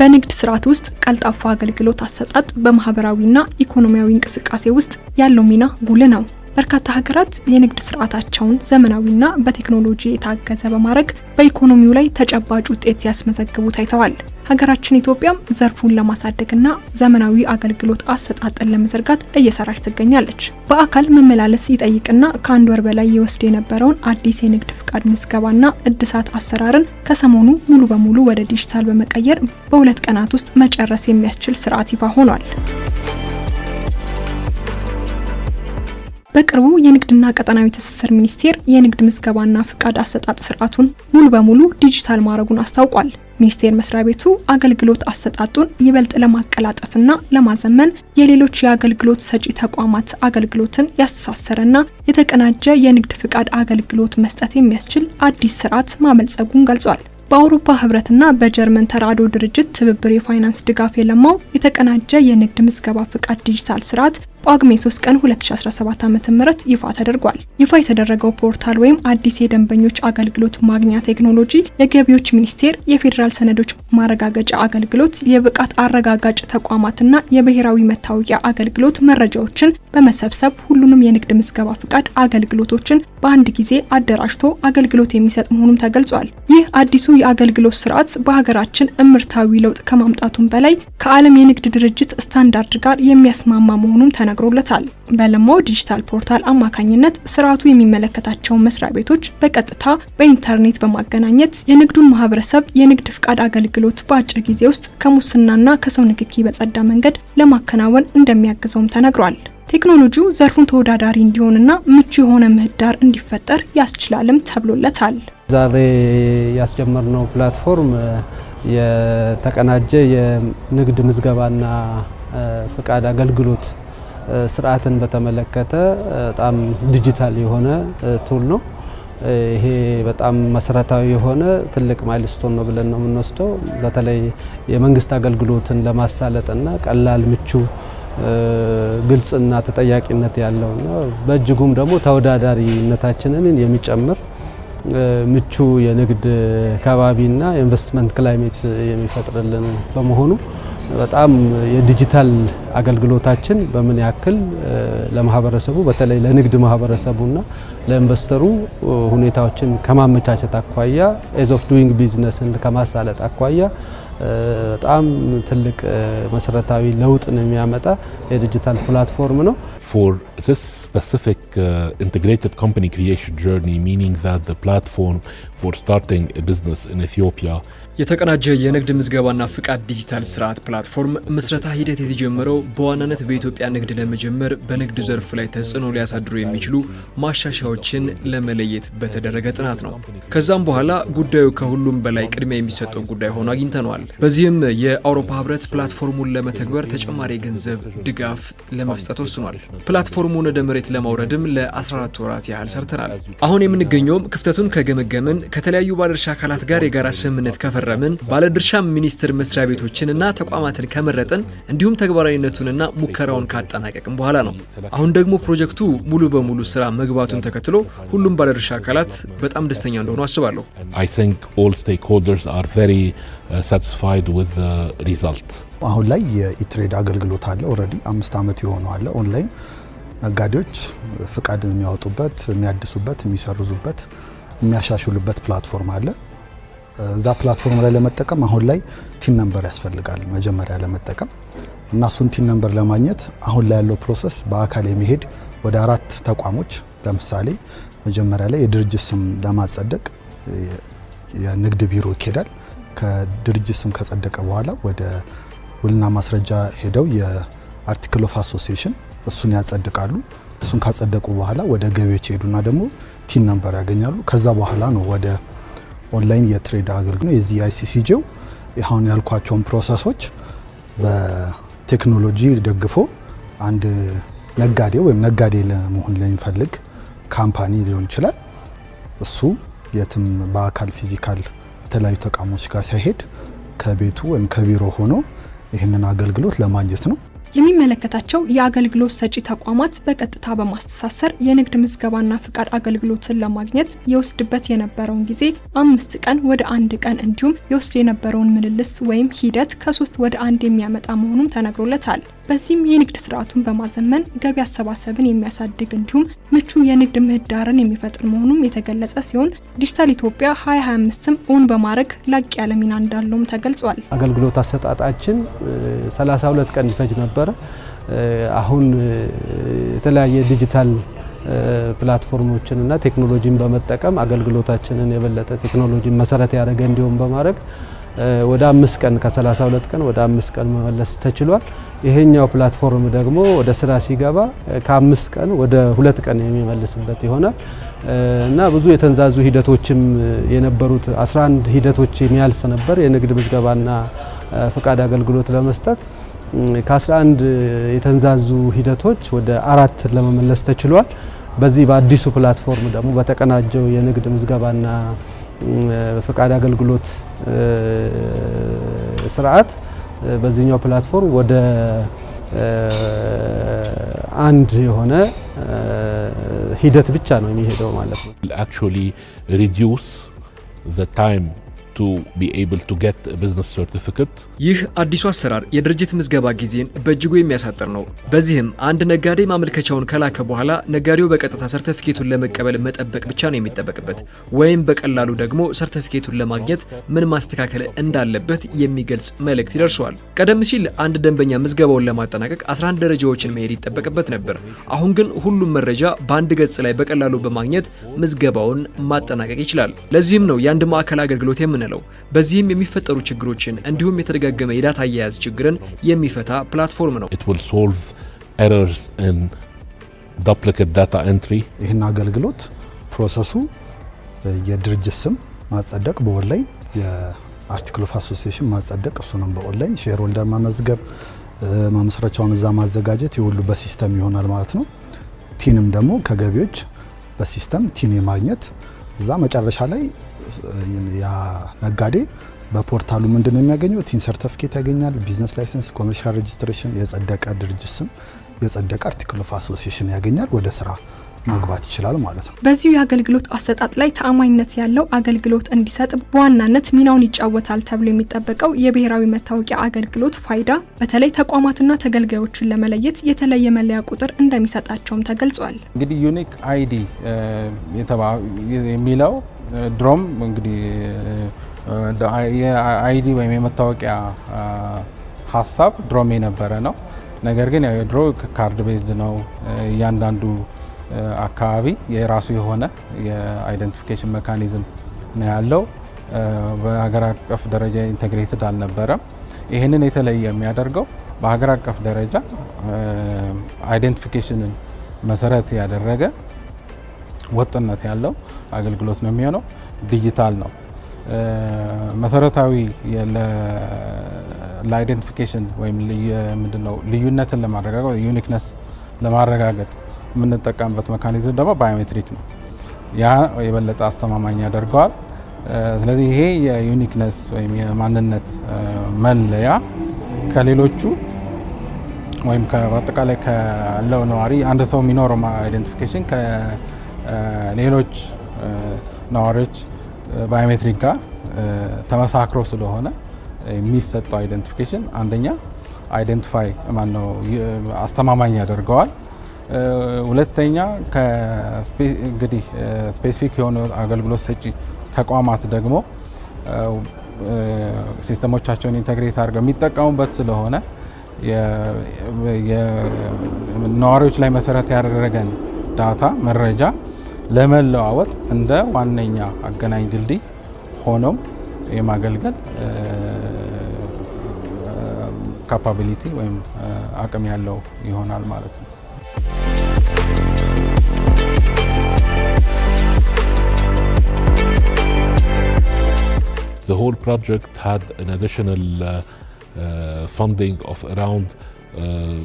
በንግድ ስርዓት ውስጥ ቀልጣፋ አገልግሎት አሰጣጥ በማህበራዊና ኢኮኖሚያዊ እንቅስቃሴ ውስጥ ያለው ሚና ጉል ነው። በርካታ ሀገራት የንግድ ስርዓታቸውን ዘመናዊና በቴክኖሎጂ የታገዘ በማድረግ በኢኮኖሚው ላይ ተጨባጭ ውጤት ሲያስመዘግቡ ታይተዋል። ሀገራችን ኢትዮጵያም ዘርፉን ለማሳደግና ዘመናዊ አገልግሎት አሰጣጥን ለመዘርጋት እየሰራች ትገኛለች። በአካል መመላለስ ይጠይቅና ከአንድ ወር በላይ ይወስድ የነበረውን አዲስ የንግድ ፍቃድ ምዝገባና እድሳት አሰራርን ከሰሞኑ ሙሉ በሙሉ ወደ ዲጂታል በመቀየር በሁለት ቀናት ውስጥ መጨረስ የሚያስችል ስርዓት ይፋ ሆኗል። በቅርቡ የንግድና ቀጠናዊ ትስስር ሚኒስቴር የንግድ ምዝገባና ፍቃድ አሰጣጥ ስርዓቱን ሙሉ በሙሉ ዲጂታል ማድረጉን አስታውቋል። ሚኒስቴር መስሪያ ቤቱ አገልግሎት አሰጣጡን ይበልጥ ለማቀላጠፍና ለማዘመን የሌሎች የአገልግሎት ሰጪ ተቋማት አገልግሎትን ያስተሳሰረና የተቀናጀ የንግድ ፍቃድ አገልግሎት መስጠት የሚያስችል አዲስ ስርዓት ማመልጸጉን ገልጿል። በአውሮፓ ህብረትና በጀርመን ተራድኦ ድርጅት ትብብር የፋይናንስ ድጋፍ የለማው የተቀናጀ የንግድ ምዝገባ ፍቃድ ዲጂታል ስርዓት ጳጉሜ 3 ቀን 2017 ዓ.ም ይፋ ተደርጓል። ይፋ የተደረገው ፖርታል ወይም አዲስ የደንበኞች አገልግሎት ማግኛ ቴክኖሎጂ የገቢዎች ሚኒስቴር፣ የፌዴራል ሰነዶች ማረጋገጫ አገልግሎት፣ የብቃት አረጋጋጭ ተቋማትና የብሔራዊ መታወቂያ አገልግሎት መረጃዎችን በመሰብሰብ ሁሉንም የንግድ ምዝገባ ፍቃድ አገልግሎቶችን በአንድ ጊዜ አደራጅቶ አገልግሎት የሚሰጥ መሆኑም ተገልጿል። ይህ አዲሱ የአገልግሎት ስርዓት በሀገራችን እምርታዊ ለውጥ ከማምጣቱም በላይ ከዓለም የንግድ ድርጅት ስታንዳርድ ጋር የሚያስማማ መሆኑም ተነ ተነግሮለታል። በለሞ ዲጂታል ፖርታል አማካኝነት ስርዓቱ የሚመለከታቸውን መስሪያ ቤቶች በቀጥታ በኢንተርኔት በማገናኘት የንግዱን ማህበረሰብ የንግድ ፍቃድ አገልግሎት በአጭር ጊዜ ውስጥ ከሙስናና ከሰው ንክኪ በጸዳ መንገድ ለማከናወን እንደሚያግዘውም ተነግሯል። ቴክኖሎጂው ዘርፉን ተወዳዳሪ እንዲሆንና ምቹ የሆነ ምህዳር እንዲፈጠር ያስችላልም ተብሎለታል። ዛሬ ያስጀመርነው ፕላትፎርም የተቀናጀ የንግድ ምዝገባና ፍቃድ አገልግሎት ስርዓትን በተመለከተ በጣም ዲጂታል የሆነ ቱል ነው። ይሄ በጣም መሰረታዊ የሆነ ትልቅ ማይልስቶን ነው ብለን ነው የምንወስደው። በተለይ የመንግስት አገልግሎትን ለማሳለጥና ቀላል፣ ምቹ፣ ግልጽና ተጠያቂነት ያለውና በእጅጉም ደግሞ ተወዳዳሪነታችንን የሚጨምር ምቹ የንግድ ከባቢና ኢንቨስትመንት ክላይሜት የሚፈጥርልን በመሆኑ በጣም የዲጂታል አገልግሎታችን በምን ያክል ለማህበረሰቡ በተለይ ለንግድ ማህበረሰቡና ለኢንቨስተሩ ሁኔታዎችን ከማመቻቸት አኳያ ኤዝ ኦፍ ዱይንግ ቢዝነስን ከማሳለጥ አኳያ በጣም ትልቅ መሰረታዊ ለውጥን የሚያመጣ የዲጂታል ፕላትፎርም ነው። For this specific uh, integrated company creation journey meaning that the platform for starting a business in Ethiopia የተቀናጀ የንግድ ምዝገባና ፍቃድ ዲጂታል ስርዓት ፕላትፎርም ምስረታ ሂደት የተጀመረው በዋናነት በኢትዮጵያ ንግድ ለመጀመር በንግድ ዘርፍ ላይ ተጽዕኖ ሊያሳድሩ የሚችሉ ማሻሻያዎችን ለመለየት በተደረገ ጥናት ነው። ከዛም በኋላ ጉዳዩ ከሁሉም በላይ ቅድሚያ የሚሰጠው ጉዳይ ሆኖ አግኝተነዋል። በዚህም የአውሮፓ ህብረት ፕላትፎርሙን ለመተግበር ተጨማሪ ገንዘብ ድጋፍ ለመስጠት ወስኗል። ፕላትፎርሙን ወደ መሬት ለማውረድም ለ14 ወራት ያህል ሰርተናል። አሁን የምንገኘውም ክፍተቱን ከገመገምን፣ ከተለያዩ ባለድርሻ አካላት ጋር የጋራ ስምምነት ከፈረምን፣ ባለድርሻ ሚኒስቴር መስሪያ ቤቶችን እና ተቋማትን ከመረጥን እንዲሁም ተግባራዊነቱንና ሙከራውን ካጠናቀቅም በኋላ ነው። አሁን ደግሞ ፕሮጀክቱ ሙሉ በሙሉ ስራ መግባቱን ተከትሎ ሁሉም ባለድርሻ አካላት በጣም ደስተኛ እንደሆኑ አስባለሁ። ሳቲስፋይድ ዊዝ ሪዛልት። አሁን ላይ የኢትሬድ አገልግሎት አለ። ኦልሬዲ አምስት ዓመት የሆነ አለ። ኦንላይን ነጋዴዎች ፍቃድ የሚያወጡበት፣ የሚያድሱበት፣ የሚሰርዙበት፣ የሚያሻሽሉበት ፕላትፎርም አለ። እዛ ፕላትፎርም ላይ ለመጠቀም አሁን ላይ ቲን ነምበር ያስፈልጋል መጀመሪያ ለመጠቀም እና እሱን ቲን ነምበር ለማግኘት አሁን ላይ ያለው ፕሮሰስ በአካል የሚሄድ ወደ አራት ተቋሞች ለምሳሌ መጀመሪያ ላይ የድርጅት ስም ለማጸደቅ የንግድ ቢሮ ይሄዳል። ከድርጅት ስም ከጸደቀ በኋላ ወደ ውልና ማስረጃ ሄደው የአርቲክል ኦፍ አሶሲሽን እሱን ያጸድቃሉ። እሱን ካጸደቁ በኋላ ወደ ገቢዎች ይሄዱና ደግሞ ቲን ነምበር ያገኛሉ። ከዛ በኋላ ነው ወደ ኦንላይን የትሬድ አገልግሎት የዚህ አይሲሲጂው አሁን ያልኳቸውን ፕሮሰሶች በቴክኖሎጂ ደግፎ አንድ ነጋዴ ወይም ነጋዴ ለመሆን ለሚፈልግ ካምፓኒ ሊሆን ይችላል እሱ የትም በአካል ፊዚካል ከተለያዩ ተቋሞች ጋር ሳይሄድ ከቤቱ ወይም ከቢሮ ሆኖ ይህንን አገልግሎት ለማግኘት ነው። የሚመለከታቸው የአገልግሎት ሰጪ ተቋማት በቀጥታ በማስተሳሰር የንግድ ምዝገባና ፍቃድ አገልግሎትን ለማግኘት የወስድበት የነበረውን ጊዜ አምስት ቀን ወደ አንድ ቀን እንዲሁም የወስድ የነበረውን ምልልስ ወይም ሂደት ከሶስት ወደ አንድ የሚያመጣ መሆኑን ተነግሮለታል። በዚህም የንግድ ስርዓቱን በማዘመን ገቢ አሰባሰብን የሚያሳድግ እንዲሁም ምቹ የንግድ ምህዳርን የሚፈጥር መሆኑም የተገለጸ ሲሆን ዲጂታል ኢትዮጵያ 2025ም እውን በማድረግ ላቅ ያለ ሚና እንዳለውም ተገልጿል። አገልግሎት አሰጣጣችን 32 ቀን ይፈጅ ነበር። ነበረ። አሁን የተለያየ ዲጂታል ፕላትፎርሞችን እና ቴክኖሎጂን በመጠቀም አገልግሎታችንን የበለጠ ቴክኖሎጂን መሰረት ያደረገ እንዲሆን በማድረግ ወደ አምስት ቀን ከ32 ቀን ወደ አምስት ቀን መመለስ ተችሏል። ይሄኛው ፕላትፎርም ደግሞ ወደ ስራ ሲገባ ከአምስት ቀን ወደ ሁለት ቀን የሚመልስበት ይሆናል እና ብዙ የተንዛዙ ሂደቶችም የነበሩት 11 ሂደቶች የሚያልፍ ነበር የንግድ ምዝገባና ፍቃድ አገልግሎት ለመስጠት ከ11 የተንዛዙ ሂደቶች ወደ አራት ለመመለስ ተችሏል። በዚህ በአዲሱ ፕላትፎርም ደግሞ በተቀናጀው የንግድ ምዝገባና ፈቃድ አገልግሎት ስርዓት በዚህኛው ፕላትፎርም ወደ አንድ የሆነ ሂደት ብቻ ነው የሚሄደው ማለት ነው። ይህ አዲሱ አሰራር የድርጅት ምዝገባ ጊዜን በእጅጉ የሚያሳጥር ነው። በዚህም አንድ ነጋዴ ማመልከቻውን ከላከ በኋላ ነጋዴው በቀጥታ ሰርተፊኬቱን ለመቀበል መጠበቅ ብቻ ነው የሚጠበቅበት፣ ወይም በቀላሉ ደግሞ ሰርተፊኬቱን ለማግኘት ምን ማስተካከል እንዳለበት የሚገልጽ መልእክት ይደርሰዋል። ቀደም ሲል አንድ ደንበኛ ምዝገባውን ለማጠናቀቅ 11 ደረጃዎችን መሄድ ይጠበቅበት ነበር። አሁን ግን ሁሉም መረጃ በአንድ ገጽ ላይ በቀላሉ በማግኘት ምዝገባውን ማጠናቀቅ ይችላል። ለዚህም ነው የአንድ ማዕከል አገልግሎት የምን የምንለው። በዚህም የሚፈጠሩ ችግሮችን እንዲሁም የተደጋገመ የዳታ አያያዝ ችግርን የሚፈታ ፕላትፎርም ነው። ይህን አገልግሎት ፕሮሰሱ የድርጅት ስም ማጸደቅ በኦንላይን የአርቲክል ኦፍ አሶሲሽን ማጸደቅ፣ እሱንም በኦንላይን ሼር ሆልደር መመዝገብ፣ ማመስረቻውን እዛ ማዘጋጀት የሁሉ በሲስተም ይሆናል ማለት ነው። ቲንም ደግሞ ከገቢዎች በሲስተም ቲን የማግኘት እዛ መጨረሻ ላይ ያ ነጋዴ በፖርታሉ ምንድን ነው የሚያገኘው? ቲን ሰርተፊኬት ያገኛል፣ ቢዝነስ ላይሰንስ፣ ኮሜርሻል ሬጅስትሬሽን፣ የጸደቀ ድርጅት ስም፣ የጸደቀ አርቲክል ኦፍ አሶሲሽን ያገኛል። ወደ ስራ መግባት ይችላል ማለት ነው። በዚሁ የአገልግሎት አሰጣጥ ላይ ተአማኝነት ያለው አገልግሎት እንዲሰጥ በዋናነት ሚናውን ይጫወታል ተብሎ የሚጠበቀው የብሔራዊ መታወቂያ አገልግሎት ፋይዳ በተለይ ተቋማትና ተገልጋዮችን ለመለየት የተለየ መለያ ቁጥር እንደሚሰጣቸውም ተገልጿል። እንግዲህ ዩኒክ አይዲ የሚለው ድሮም እንግዲህ የአይዲ ወይም የመታወቂያ ሀሳብ ድሮም የነበረ ነው። ነገር ግን ያው የድሮ ካርድ ቤዝድ ነው። እያንዳንዱ አካባቢ የራሱ የሆነ የአይደንቲፊኬሽን መካኒዝም ነው ያለው። በሀገር አቀፍ ደረጃ ኢንተግሬትድ አልነበረም። ይህንን የተለየ የሚያደርገው በሀገር አቀፍ ደረጃ አይደንቲፊኬሽንን መሰረት ያደረገ ወጥነት ያለው አገልግሎት ነው የሚሆነው። ዲጂታል ነው። መሰረታዊ ለአይደንቲፊኬሽን ወይም ምንድነው ልዩነትን ለማረጋገጥ ዩኒክነስ ለማረጋገጥ የምንጠቀምበት መካኒዝም ደግሞ ባዮሜትሪክ ነው። ያ የበለጠ አስተማማኝ ያደርገዋል። ስለዚህ ይሄ የዩኒክነስ ወይም የማንነት መለያ ከሌሎቹ ወይም በአጠቃላይ ካለው ነዋሪ አንድ ሰው የሚኖረው አይደንቲፊኬሽን ሌሎች ነዋሪዎች ባዮሜትሪክ ጋር ተመሳክሮ ስለሆነ የሚሰጠው አይደንቲፊኬሽን አንደኛ አይደንቲፋይ ማነው አስተማማኝ ያደርገዋል። ሁለተኛ እንግዲህ ስፔሲፊክ የሆኑ አገልግሎት ሰጪ ተቋማት ደግሞ ሲስተሞቻቸውን ኢንተግሬት አድርገው የሚጠቀሙበት ስለሆነ ነዋሪዎች ላይ መሰረት ያደረገን ዳታ መረጃ ለመለዋወጥ እንደ ዋነኛ አገናኝ ድልድይ ሆኖም የማገልገል ካፓቢሊቲ ወይም አቅም ያለው ይሆናል ማለት ነው። The whole project had an additional uh, uh, funding of around uh,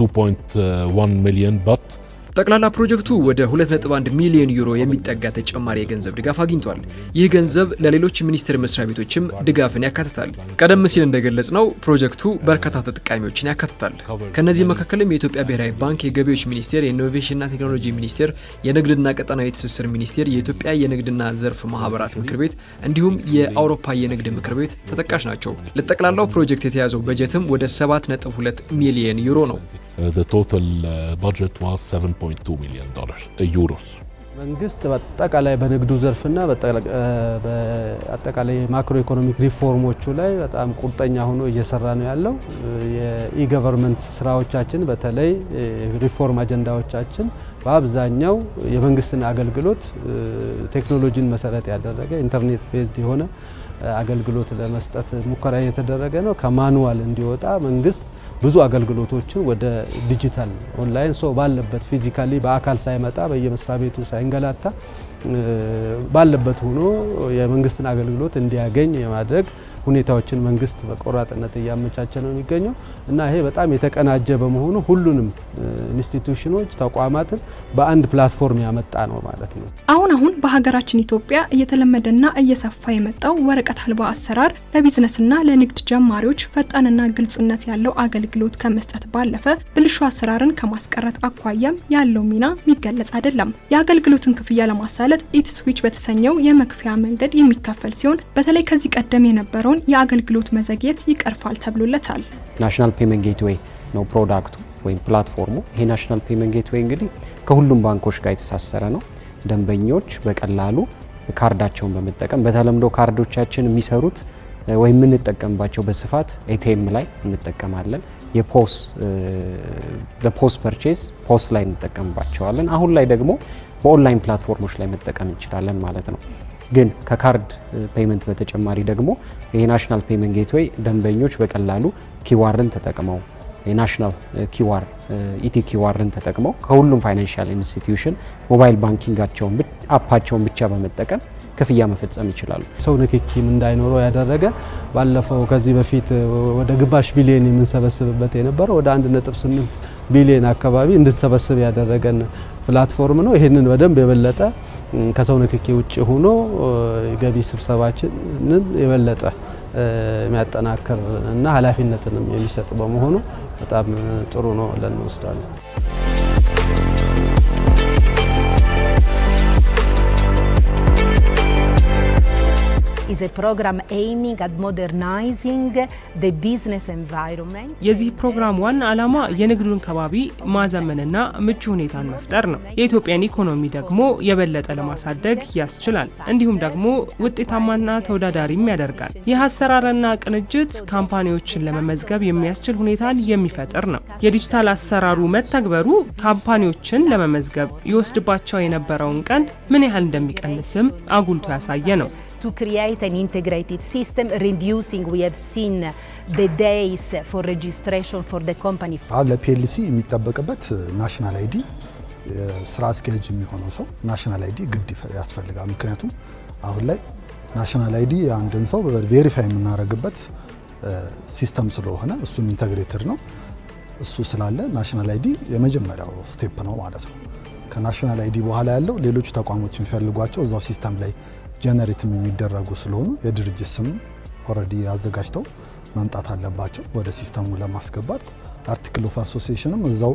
2.1 million, but uh, ጠቅላላ ፕሮጀክቱ ወደ 2.1 ሚሊዮን ዩሮ የሚጠጋ ተጨማሪ የገንዘብ ድጋፍ አግኝቷል። ይህ ገንዘብ ለሌሎች ሚኒስቴር መስሪያ ቤቶችም ድጋፍን ያካትታል። ቀደም ሲል እንደገለጽ ነው ፕሮጀክቱ በርካታ ተጠቃሚዎችን ያካትታል። ከእነዚህ መካከልም የኢትዮጵያ ብሔራዊ ባንክ፣ የገቢዎች ሚኒስቴር፣ የኢኖቬሽንና ቴክኖሎጂ ሚኒስቴር፣ የንግድና ቀጠናዊ ትስስር ሚኒስቴር፣ የኢትዮጵያ የንግድና ዘርፍ ማህበራት ምክር ቤት እንዲሁም የአውሮፓ የንግድ ምክር ቤት ተጠቃሽ ናቸው። ለጠቅላላው ፕሮጀክት የተያዘው በጀትም ወደ 7.2 ሚሊዮን ዩሮ ነው። Uh, the total uh, budget was 7.2 million dollars uh, euros። መንግስት በአጠቃላይ በንግዱ ዘርፍና በአጠቃላይ ማክሮ ኢኮኖሚክ ሪፎርሞቹ ላይ በጣም ቁርጠኛ ሆኖ እየሰራ ነው ያለው። የኢገቨርንመንት ስራዎቻችን በተለይ ሪፎርም አጀንዳዎቻችን በአብዛኛው የመንግስትን አገልግሎት ቴክኖሎጂን መሰረት ያደረገ ኢንተርኔት ቤዝድ የሆነ አገልግሎት ለመስጠት ሙከራ እየተደረገ ነው። ከማኑዋል እንዲወጣ መንግስት ብዙ አገልግሎቶችን ወደ ዲጂታል ኦንላይን ሰው ባለበት ፊዚካሊ በአካል ሳይመጣ በየመስሪያ ቤቱ ሳይንገላታ ባለበት ሆኖ የመንግስትን አገልግሎት እንዲያገኝ የማድረግ ሁኔታዎችን መንግስት በቆራጥነት እያመቻቸ ነው የሚገኘው እና ይሄ በጣም የተቀናጀ በመሆኑ ሁሉንም ኢንስቲትዩሽኖች ተቋማትን በአንድ ፕላትፎርም ያመጣ ነው ማለት ነው። አሁን አሁን በሀገራችን ኢትዮጵያ እየተለመደና እየሰፋ የመጣው ወረቀት አልባ አሰራር ለቢዝነስና ለንግድ ጀማሪዎች ፈጣንና ግልጽነት ያለው አገልግሎት ከመስጠት ባለፈ ብልሹ አሰራርን ከማስቀረት አኳያም ያለው ሚና የሚገለጽ አይደለም። የአገልግሎትን ክፍያ ለማሳለጥ ኢትስዊች በተሰኘው የመክፈያ መንገድ የሚከፈል ሲሆን በተለይ ከዚህ ቀደም የነበረውን ያለውን የአገልግሎት መዘግየት ይቀርፋል ተብሎለታል። ናሽናል ፔመንት ጌትዌይ ነው ፕሮዳክቱ ወይም ፕላትፎርሙ። ይሄ ናሽናል ፔመንት ጌትዌይ እንግዲህ ከሁሉም ባንኮች ጋር የተሳሰረ ነው። ደንበኞች በቀላሉ ካርዳቸውን በመጠቀም በተለምዶ ካርዶቻችን የሚሰሩት ወይም የምንጠቀምባቸው በስፋት ኤቲኤም ላይ እንጠቀማለን። የፖስ ለፖስ ፐርቼዝ ፖስ ላይ እንጠቀምባቸዋለን። አሁን ላይ ደግሞ በኦንላይን ፕላትፎርሞች ላይ መጠቀም እንችላለን ማለት ነው። ግን ከካርድ ፔመንት በተጨማሪ ደግሞ የናሽናል ፔመንት ጌትዌይ ደንበኞች በቀላሉ ኪዋርን ተጠቅመው የናሽናል ኪዋር ኢቲ ኪዋርን ተጠቅመው ከሁሉም ፋይናንሻል ኢንስቲትዩሽን ሞባይል ባንኪንጋቸውን አፓቸውን ብቻ በመጠቀም ክፍያ መፈጸም ይችላሉ። ሰው ንክኪም እንዳይኖረው ያደረገ ባለፈው ከዚህ በፊት ወደ ግማሽ ቢሊዮን የምንሰበስብበት የነበረው ወደ 1.8 ቢሊዮን አካባቢ እንድንሰበስብ ያደረገን ፕላትፎርም ነው። ይህንን በደንብ የበለጠ ከሰው ንክኪ ውጭ ሆኖ ገቢ ስብሰባችንን የበለጠ የሚያጠናክር እና ኃላፊነትንም የሚሰጥ በመሆኑ በጣም ጥሩ ነው ብለን እንወስዳለን። is a program aiming at modernizing the business environment. የዚህ ፕሮግራም ዋና ዓላማ የንግዱን ከባቢ ማዘመንና ምቹ ሁኔታን መፍጠር ነው። የኢትዮጵያን ኢኮኖሚ ደግሞ የበለጠ ለማሳደግ ያስችላል። እንዲሁም ደግሞ ውጤታማና ተወዳዳሪም ያደርጋል። ይህ አሰራርና ቅንጅት ካምፓኒዎችን ለመመዝገብ የሚያስችል ሁኔታን የሚፈጥር ነው። የዲጂታል አሰራሩ መተግበሩ ካምፓኒዎችን ለመመዝገብ ይወስድባቸው የነበረውን ቀን ምን ያህል እንደሚቀንስም አጉልቶ ያሳየ ነው። to create an integrated system, reducing, we have seen the days for registration for the company. አሁን ለፒኤልሲ የሚጠበቅበት ናሽናል አይዲ ስራ አስኪያጅ የሚሆነው ሰው ናሽናል አይዲ ግድ ያስፈልጋል። ምክንያቱም አሁን ላይ ናሽናል አይዲ አንድን ሰው ቬሪፋይ የምናደርግበት ሲስተም ስለሆነ እሱም ኢንተግሬትድ ነው። እሱ ስላለ ናሽናል አይዲ የመጀመሪያው ስቴፕ ነው ማለት ነው። ከናሽናል አይዲ በኋላ ያለው ሌሎቹ ተቋሞች የሚፈልጓቸው እዛው ሲስተም ላይ ጀነሬትም የሚደረጉ ስለሆኑ የድርጅት ስም ኦልሬዲ አዘጋጅተው መምጣት አለባቸው ወደ ሲስተሙ ለማስገባት። አርቲክል ኦፍ አሶሲሽንም እዛው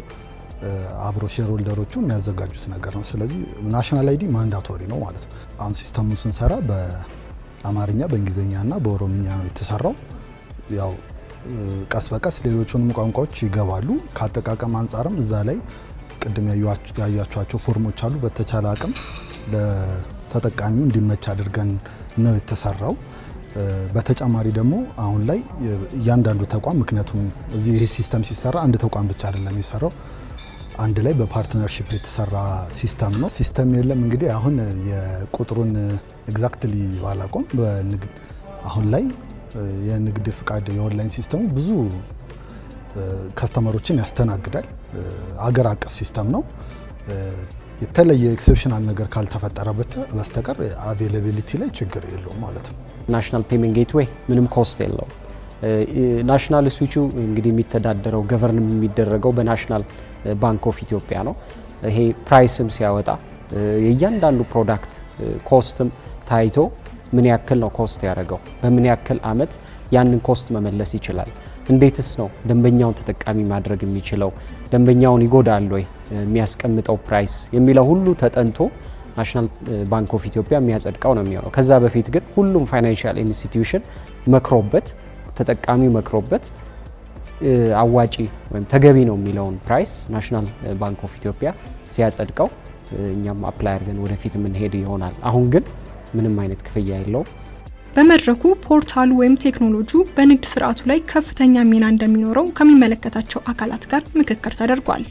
አብሮ ሼርሆልደሮቹ የሚያዘጋጁት ነገር ነው። ስለዚህ ናሽናል አይዲ ማንዳቶሪ ነው ማለት ነው። አሁን ሲስተሙ ስንሰራ በአማርኛ በእንግሊዝኛና በኦሮምኛ ነው የተሰራው። ያው ቀስ በቀስ ሌሎቹንም ቋንቋዎች ይገባሉ። ከአጠቃቀም አንጻርም እዛ ላይ ቅድም ያያቸኋቸው ፎርሞች አሉ። በተቻለ አቅም ተጠቃሚው እንዲመች አድርገን ነው የተሰራው። በተጨማሪ ደግሞ አሁን ላይ እያንዳንዱ ተቋም ምክንያቱም እዚህ ይሄ ሲስተም ሲሰራ አንድ ተቋም ብቻ አይደለም የሰራው አንድ ላይ በፓርትነርሺፕ የተሰራ ሲስተም ነው። ሲስተም የለም እንግዲህ አሁን የቁጥሩን ኤግዛክትሊ ባላቆም በንግድ አሁን ላይ የንግድ ፍቃድ የኦንላይን ሲስተሙ ብዙ ከስተመሮችን ያስተናግዳል። አገር አቀፍ ሲስተም ነው። የተለየ ኤክሴፕሽናል ነገር ካልተፈጠረበት በስተቀር አቬላቢሊቲ ላይ ችግር የለውም ማለት ነው። ናሽናል ፔመንት ጌትዌይ ምንም ኮስት የለውም። ናሽናል ስዊቹ እንግዲህ የሚተዳደረው ገቨርን የሚደረገው በናሽናል ባንክ ኦፍ ኢትዮጵያ ነው። ይሄ ፕራይስም ሲያወጣ የእያንዳንዱ ፕሮዳክት ኮስትም ታይቶ ምን ያክል ነው ኮስት ያደረገው፣ በምን ያክል አመት ያንን ኮስት መመለስ ይችላል እንዴትስ ነው ደንበኛውን ተጠቃሚ ማድረግ የሚችለው? ደንበኛውን ይጎዳል ወይ የሚያስቀምጠው ፕራይስ የሚለው ሁሉ ተጠንቶ ናሽናል ባንክ ኦፍ ኢትዮጵያ የሚያጸድቀው ነው የሚሆነው። ከዛ በፊት ግን ሁሉም ፋይናንሻል ኢንስቲትዩሽን መክሮበት፣ ተጠቃሚ መክሮበት አዋጪ ወይም ተገቢ ነው የሚለውን ፕራይስ ናሽናል ባንክ ኦፍ ኢትዮጵያ ሲያጸድቀው እኛም አፕላይ አድርገን ወደፊት የምንሄድ ይሆናል። አሁን ግን ምንም አይነት ክፍያ የለውም። በመድረኩ ፖርታሉ ወይም ቴክኖሎጂ በንግድ ስርዓቱ ላይ ከፍተኛ ሚና እንደሚኖረው ከሚመለከታቸው አካላት ጋር ምክክር ተደርጓል።